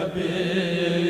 Nabi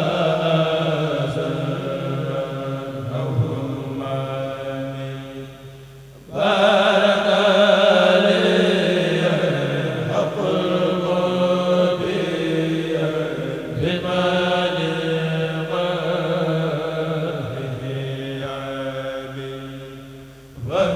wa